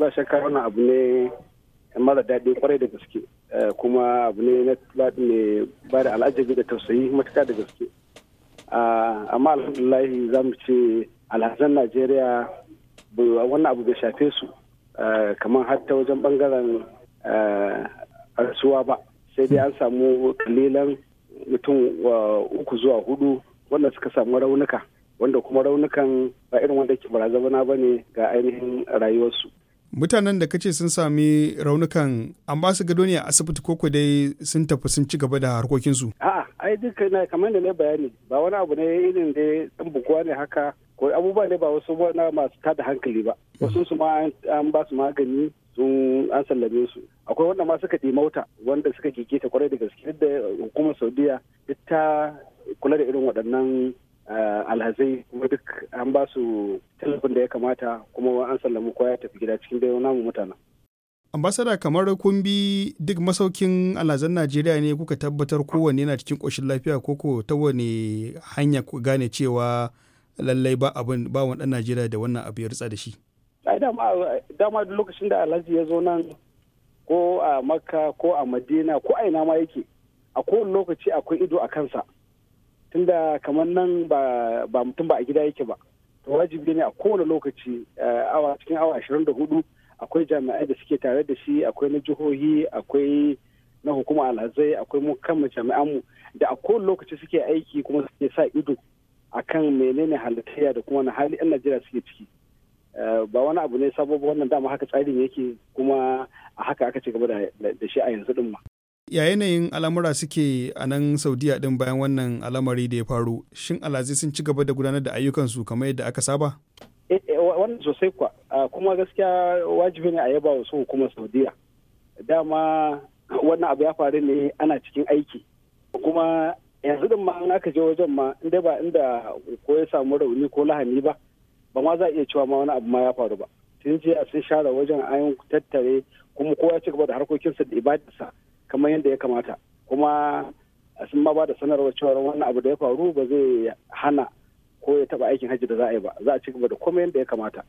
ba shakka wannan abu ne mara daɗi kwarai da gaske eh, kuma abu ne na ne ba da al'ajabi da tausayi matuka da gaske ah, amma alhamdulahi za mu ce alhazan najeriya wannan abu bai shafe su eh, kamar har wajen ɓangaren eh, arsuwa ba sai dai an samu kalilan mutum uku zuwa hudu wanda suka samu raunuka wanda kuma raunukan ba irin wanda ke barazana ba ne ga ainihin rayuwarsu mutanen da kace sun sami raunukan an ba su gado ne a asibiti ko dai sun tafi sun ci gaba da harkokinsu a'a ai duka na kamar da na bayani ba wani abu ne irin da dan buguwa ne haka ko abubuwa ne ba wasu na masu tada hankali ba hmm. wasu su ma an ba su magani sun an sallame su akwai wanda ma suka ɗi mota wanda suka keke ta kwarai da gaske da hukumar saudiya ta kula da irin waɗannan Eh, alhazai kuma duk an ba su tallafin da ya kamata kuma an sallamu kowa tafi gida cikin dai namu mutanen. ambasada kamar kun bi duk masaukin alhazan najeriya ne kuka tabbatar kowanne yana cikin ƙoshin lafiya ko ko ta wani hanya ku gane cewa lallai ba abin ba wani ɗan najeriya da wannan abu ya rutsa da shi dama da lokacin da alhazi ya zo nan ko a makka ko a madina ko a ina ma yake a kowane lokaci akwai ido a kansa tunda kamar nan ba mutum ba a gida yake ba to wajibi ne a kowane lokaci eh, awa cikin awa 24 akwai jami'ai da suke tare da shi akwai na jihohi akwai na hukuma alhazai akwai mu kan jami'anmu da a kowane lokaci suke aiki kuma suke sa ido akan menene halittaya da kuma na hali 'yan najeriya suke ciki eh, ba wani abu ne sabo wannan dama haka tsarin yake kuma a haka aka ci gaba da shi a yanzu din ma ya yanayin al'amura suke a nan saudiya din bayan wannan al'amari da ya faru shin alazi sun ci gaba da gudanar da ayyukansu kamar yadda aka saba eh, eh, wannan sosai kuwa kuma gaskiya wajibi ne a yaba wasu hukumar saudiya dama wannan abu ya faru ne ana cikin aiki kuma yanzu din ma an aka je wajen ma inda ba inda ko ya samu rauni ko lahani ba ba ma za a iya cewa ma wani abu ma ya faru ba sun je a sun share wajen an tattare kuma kowa ya ci gaba da harkokinsa da ibadarsa kamar yadda ya kamata kuma sun ma ba da sanarwar cewa wannan abu da ya faru ba zai hana ko ya taba aikin hajji da za a yi ba za a ci gaba da komai yadda ya kamata